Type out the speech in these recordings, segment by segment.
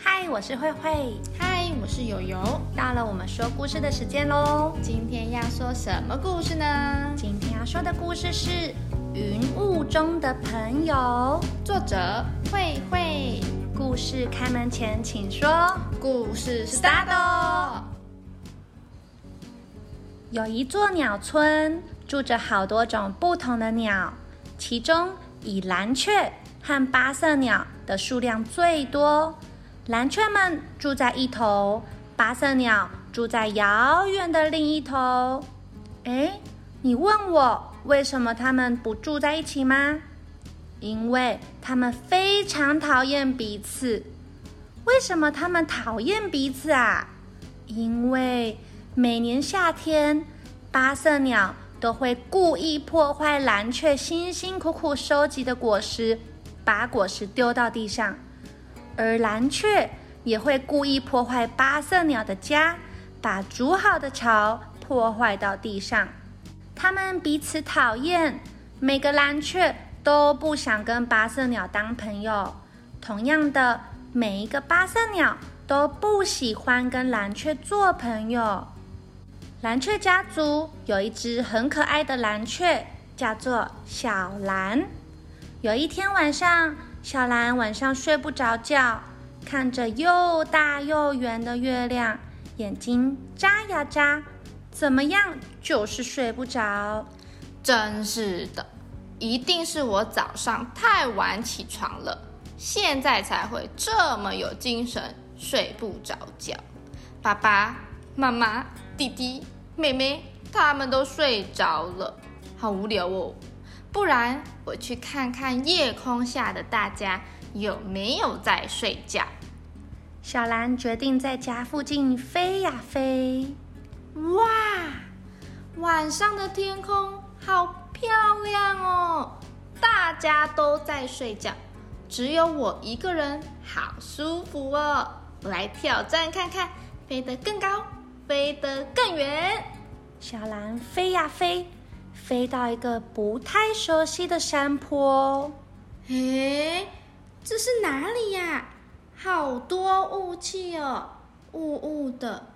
嗨，Hi, 我是卉卉。嗨，我是悠悠。到了我們說故事的時間嘍！今天要說什麼故事呢？今天要說的故事是《雲霧中的朋友》，作者卉卉。卉卉故事開門前，請說。故事 start。有一座鳥村，住着好多種不同的鳥，其中以藍雀和八色鳥的數量最多。藍雀們住在一頭，八色鳥住在遙遠的另一頭。哎，你問我為什麼他們不住在一起嗎？因為他們非常討厭彼此。為什麼他們討厭彼此啊？因為每年夏天，八色鳥都會故意破壞藍雀辛辛苦苦收集的果實，把果實丟到地上。而藍雀也會故意破壞八色鳥的家，把築好的巢破壞到地上。它們彼此討厭，每個藍雀都不想跟八色鳥當朋友。同樣的，每一個八色鳥都不喜歡跟藍雀做朋友。藍雀家族有一隻很可愛的藍雀，叫做小藍。有一天晚上。小蘭晚上睡不着覺，看着又大又圓的月亮，眼睛眨呀眨，怎麼樣就是睡不着。真是的，一定是我早上太晚起床了，現在才會這麼有精神，睡不着覺。爸爸媽媽、弟弟、妹妹他們都睡着了，好無聊哦。不然我去看看夜空下的大家有沒有在睡覺。小藍決定在家附近飛呀、啊、飛。哇，晚上的天空好漂亮哦！大家都在睡覺，只有我一個人，好舒服哦！來挑戰看看，飛得更高，飛得更遠。小藍飛呀、啊、飛。飛到一個不太熟悉的山坡，哎，這是哪裡呀？好多霧氣哦，霧霧的，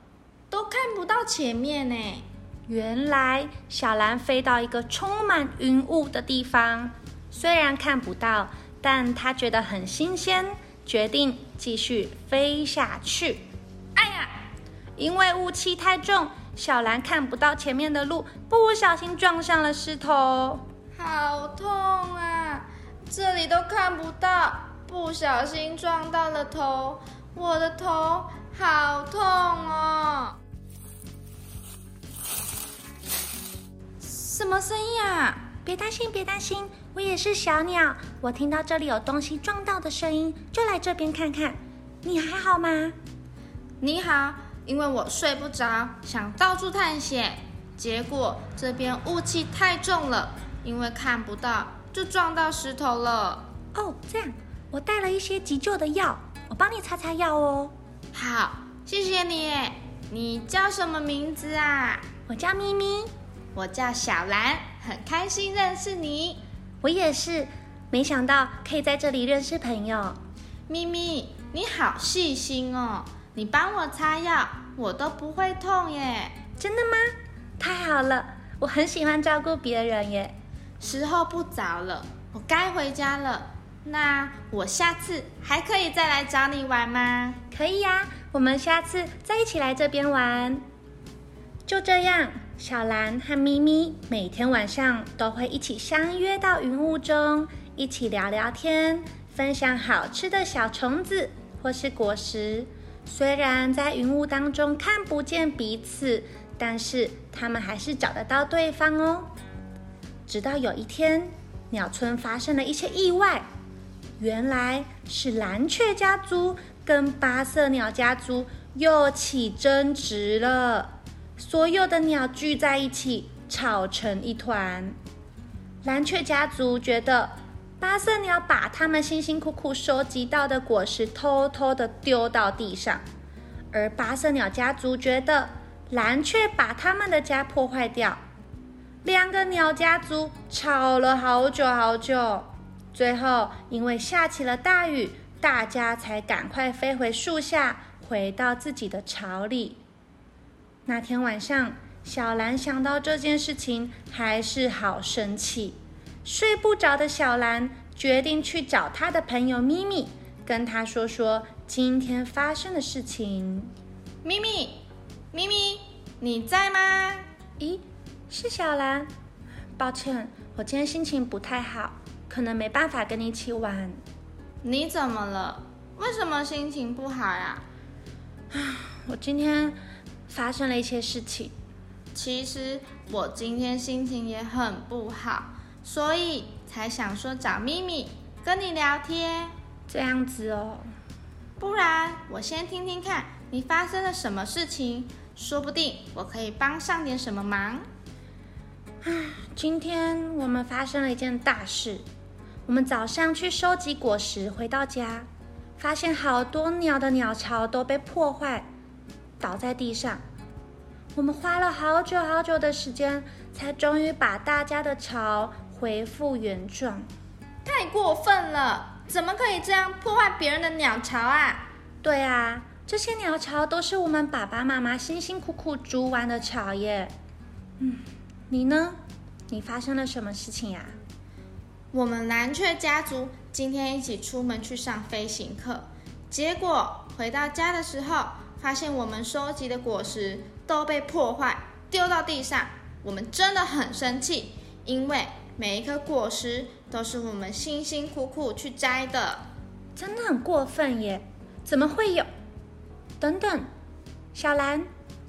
都看不到前面呢。原來小藍飛到一個充滿雲霧的地方，雖然看不到，但她覺得很新鮮，決定繼續飛下去。哎呀，因為霧氣太重。小蘭看不到前面的路，不小心撞上了石頭，好痛啊！這裡都看不到，不小心撞到了頭，我的頭好痛哦！什麼聲音啊？別擔心，別擔心，我也是小鳥，我聽到這裡有東西撞到的聲音，就來這邊看看。你還好嗎？你好。因為我睡不着，想到處探險，結果這邊霧氣太重了，因為看不到，就撞到石頭了。哦，這樣，我帶了一些急救的藥，我幫你擦擦藥哦。好，謝謝你。你叫什麼名字啊？我叫咪咪，我叫小藍，很開心認識你。我也是，沒想到可以在這裡認識朋友。咪咪，你好細心哦。你幫我擦藥，我都不會痛耶！真的嗎？太好了，我很喜歡照顧別人耶。時候不早了，我該回家了。那我下次還可以再來找你玩嗎？可以呀，啊，我們下次再一起來這邊玩。就這樣，小藍和咪咪每天晚上都會一起相約到雲霧中，一起聊聊天，分享好吃的小蟲子或是果實。雖然在雲霧當中看不見彼此，但是他們還是找得到對方哦。直到有一天，鳥村發生了一些意外，原來是藍雀家族跟八色鳥家族又起爭執了，所有的鳥聚在一起吵成一團。藍雀家族覺得。八色鳥把他們辛辛苦苦收集到的果實偷偷的丟到地上，而八色鳥家族覺得藍雀把他們的家破壞掉，兩個鳥家族吵了好久好久，最後因為下起了大雨，大家才趕快飛回樹下，回到自己的巢裡。那天晚上，小藍想到這件事情，還是好生氣。睡不着的小藍決定去找她的朋友咪咪，跟她說說今天發生的事情。咪咪，咪咪，你在嗎？咦，是小藍。抱歉，我今天心情不太好，可能沒辦法跟你一起玩。你怎麼了？為什麼心情不好呀、啊？啊，我今天發生了一些事情。其實我今天心情也很不好。所以才想說找咪咪跟你聊天這樣子哦。不然我先聽聽看你發生了什麼事情，說不定我可以幫上點什麼忙。唉，今天我們發生了一件大事，我們早上去收集果實，回到家發現好多鳥的鳥巢都被破壞，倒在地上。我們花了好久好久的時間，才終於把大家的巢。恢復原狀，太過分了！怎麼可以這樣破壞別人的鳥巢啊？對啊，這些鳥巢都是我們爸爸媽媽辛辛苦苦築完的巢耶。嗯，你呢？你發生了什麼事情呀、啊？我們藍雀家族今天一起出門去上飛行課，結果回到家的時候，發現我們收集的果實都被破壞，丟到地上。我們真的很生氣，因為。每一顆果實都是我們辛辛苦苦去摘的，真的很過分耶！怎麼會有？等等，小藍，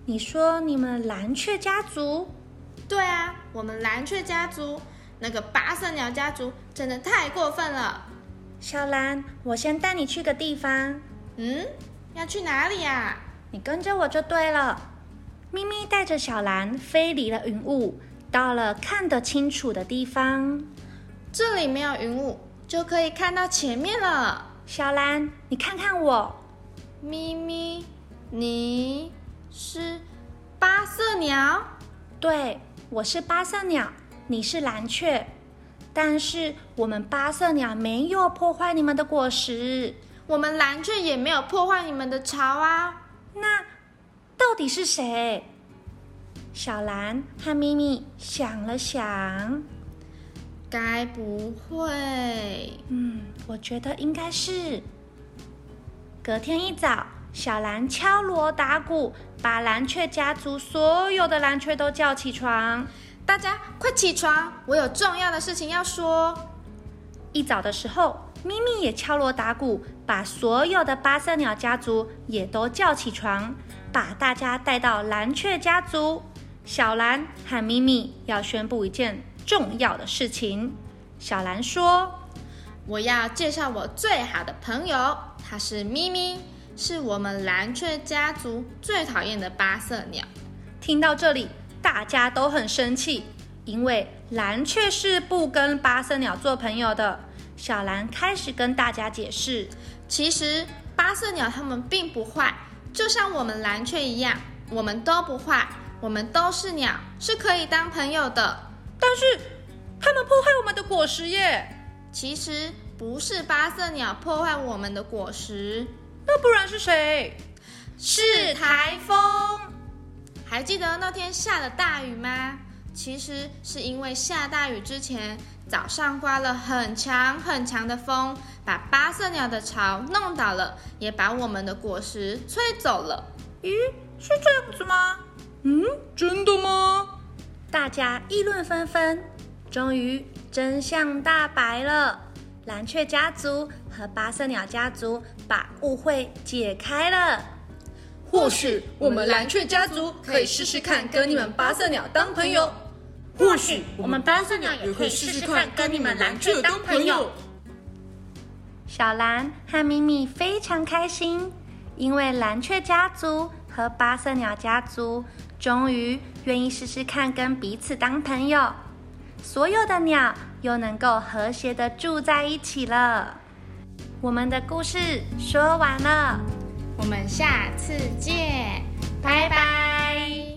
你說你們藍雀家族？對啊，我們藍雀家族那個八色鳥家族真的太過分了。小藍，我先帶你去個地方。嗯，要去哪裡呀、啊？你跟着我就對了。咪咪帶着小藍飛離了雲霧。到了看得清楚的地方，這裡沒有雲霧，就可以看到前面了。小藍，你看看我，咪咪，你是八色鳥，對，我是八色鳥，你是藍雀，但是我們八色鳥沒有破壞你們的果實，我們藍雀也沒有破壞你們的巢啊。那到底是誰？小藍和咪咪想了想，該不會……嗯，我覺得應該是。隔天一早，小藍敲鑼打鼓，把藍雀家族所有的藍雀都叫起床：“大家快起床，我有重要的事情要說。”一早的時候，咪咪也敲鑼打鼓，把所有的八色鳥家族也都叫起床，把大家帶到藍雀家族。小藍和咪咪要宣佈一件重要的事情。小藍說：“我要介紹我最好的朋友，她是咪咪，是我們藍雀家族最討厭的八色鳥。”聽到這裡，大家都很生氣，因為藍雀是不跟八色鳥做朋友的。小藍開始跟大家解釋：“其實八色鳥他們並不壞，就像我們藍雀一樣，我們都不壞。”我們都是鳥，是可以當朋友的。但是，他們破壞我們的果實耶。其實不是八色鳥破壞我們的果實，那不然是誰？是台風。還記得那天下了大雨嗎？其實是因為下大雨之前，早上颳了很強很強的風，把八色鳥的巢弄倒了，也把我們的果實吹走了。咦，是這樣子嗎？嗯，真的嗎？大家議論紛紛。終於，真相大白了。藍雀家族和八色鳥家族把誤會解開了。或許我們藍雀家族可以試試看跟你們八色鳥當朋友。或許我們八色鳥也可以試試看跟你們藍雀當朋友。小藍和咪咪非常開心，因為藍雀家族。和八色鳥家族終於願意試試看跟彼此當朋友，所有的鳥又能夠和諧的住在一起了。我們的故事說完了，我們下次見，拜拜。